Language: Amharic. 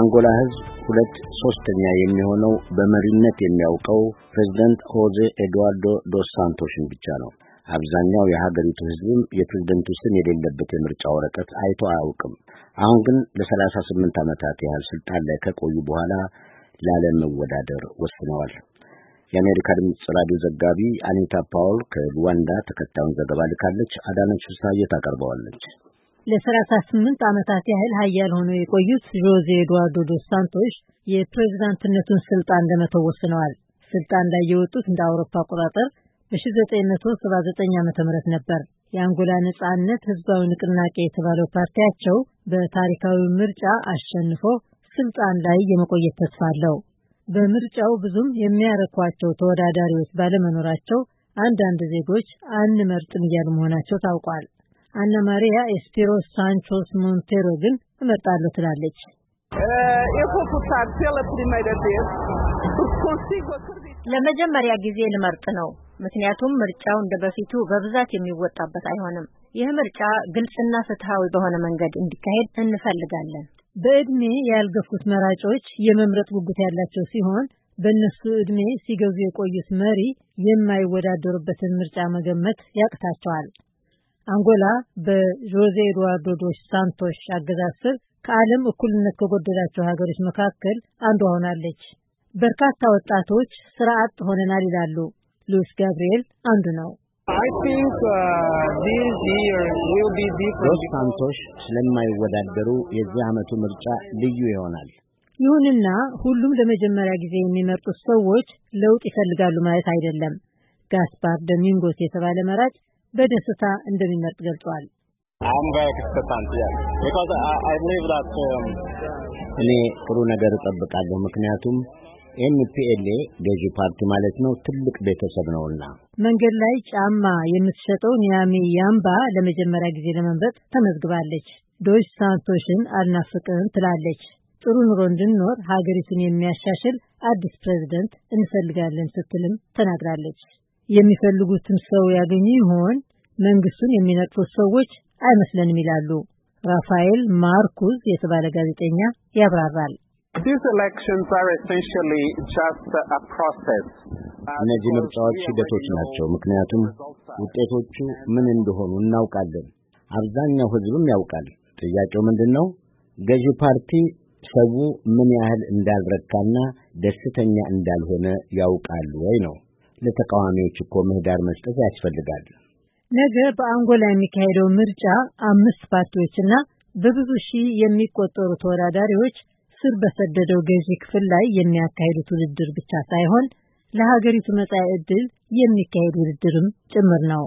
የአንጎላ ህዝብ ሁለት ሶስተኛ የሚሆነው በመሪነት የሚያውቀው ፕሬዝደንት ሆዜ ኤድዋርዶ ዶስ ሳንቶሽን ብቻ ነው። አብዛኛው የሀገሪቱ ህዝብም የፕሬዝደንቱ ስም የሌለበት የምርጫ ወረቀት አይቶ አያውቅም። አሁን ግን ለሰላሳ ስምንት ዓመታት ያህል ስልጣን ላይ ከቆዩ በኋላ ላለመወዳደር ወስነዋል። የአሜሪካ ድምፅ ራዲዮ ዘጋቢ አኒታ ፓውል ከሉዋንዳ ተከታዩን ዘገባ ልካለች። አዳነች ፍስሐዬ ታቀርበዋለች። ለ38 ዓመታት ያህል ሀያል ሆነው የቆዩት ዦዜ ኤድዋርዶ ዶስ ሳንቶሽ የፕሬዝዳንትነቱን ስልጣን ለመተው ወስነዋል። ስልጣን ላይ የወጡት እንደ አውሮፓ አቆጣጠር በ1979 ዓ ም ነበር። የአንጎላ ነጻነት ህዝባዊ ንቅናቄ የተባለው ፓርቲያቸው በታሪካዊ ምርጫ አሸንፎ ስልጣን ላይ የመቆየት ተስፋ አለው። በምርጫው ብዙም የሚያረኳቸው ተወዳዳሪዎች ባለመኖራቸው አንዳንድ ዜጎች አንመርጥም እያሉ መሆናቸው ታውቋል። አና ማሪያ ኤስፒሮስ ሳንቾስ ሞንቴሮ ግን እመርጣለሁ ትላለች። ለመጀመሪያ ጊዜ ልመርጥ ነው። ምክንያቱም ምርጫው እንደ በፊቱ በብዛት የሚወጣበት አይሆንም። ይህ ምርጫ ግልጽና ፍትሃዊ በሆነ መንገድ እንዲካሄድ እንፈልጋለን። በእድሜ ያልገፉት መራጮች የመምረጥ ጉጉት ያላቸው ሲሆን በእነሱ እድሜ ሲገዙ የቆዩት መሪ የማይወዳደሩበትን ምርጫ መገመት ያቅታቸዋል። አንጎላ በጆዜ ኤድዋርዶ ዶስ ሳንቶሽ አገዛዝ ስር ከዓለም እኩልነት ከጎደላቸው ሀገሮች መካከል አንዷ ሆናለች። በርካታ ወጣቶች ስራ አጥ ሆነናል ይላሉ። ሉዊስ ጋብርኤል አንዱ ነው። uh, ዶስ ሳንቶሽ ስለማይወዳደሩ የዚህ ዓመቱ ምርጫ ልዩ ይሆናል። ይሁንና ሁሉም ለመጀመሪያ ጊዜ የሚመርጡት ሰዎች ለውጥ ይፈልጋሉ ማለት አይደለም። ጋስፓር ደሚንጎስ የተባለ መራጭ በደስታ እንደሚመርጥ ገልጿል። um, እኔ ጥሩ ነገር እጠብቃለሁ ምክንያቱም ኤምፒኤል ገዢ ፓርቲ ማለት ነው። ትልቅ ቤተሰብ ነውና። መንገድ ላይ ጫማ የምትሸጠው ኒያሚ ያምባ ለመጀመሪያ ጊዜ ለመምረጥ ተመዝግባለች። ዶች ሳንቶሽን አልናፍቅም ትላለች። ጥሩ ኑሮ እንድንኖር ሀገሪቱን የሚያሻሽል አዲስ ፕሬዚደንት እንፈልጋለን ስትልም ተናግራለች። የሚፈልጉትን ሰው ያገኙ ይሆን? መንግስቱን የሚነቅፉት ሰዎች አይመስለንም ይላሉ። ራፋኤል ማርኩዝ የተባለ ጋዜጠኛ ያብራራል። እነዚህ ምርጫዎች ሂደቶች ናቸው፣ ምክንያቱም ውጤቶቹ ምን እንደሆኑ እናውቃለን። አብዛኛው ህዝብም ያውቃል። ጥያቄው ምንድን ነው? ገዢው ፓርቲ ሰው ምን ያህል እንዳልረካና ደስተኛ እንዳልሆነ ያውቃል ወይ ነው። ለተቃዋሚዎች እኮ ምህዳር መስጠት ያስፈልጋል። ነገ በአንጎላ የሚካሄደው ምርጫ አምስት ፓርቲዎችና በብዙ ሺህ የሚቆጠሩ ተወዳዳሪዎች ስር በሰደደው ገዢ ክፍል ላይ የሚያካሂዱት ውድድር ብቻ ሳይሆን ለሀገሪቱ መጻኢ ዕድል የሚካሄድ ውድድርም ጭምር ነው።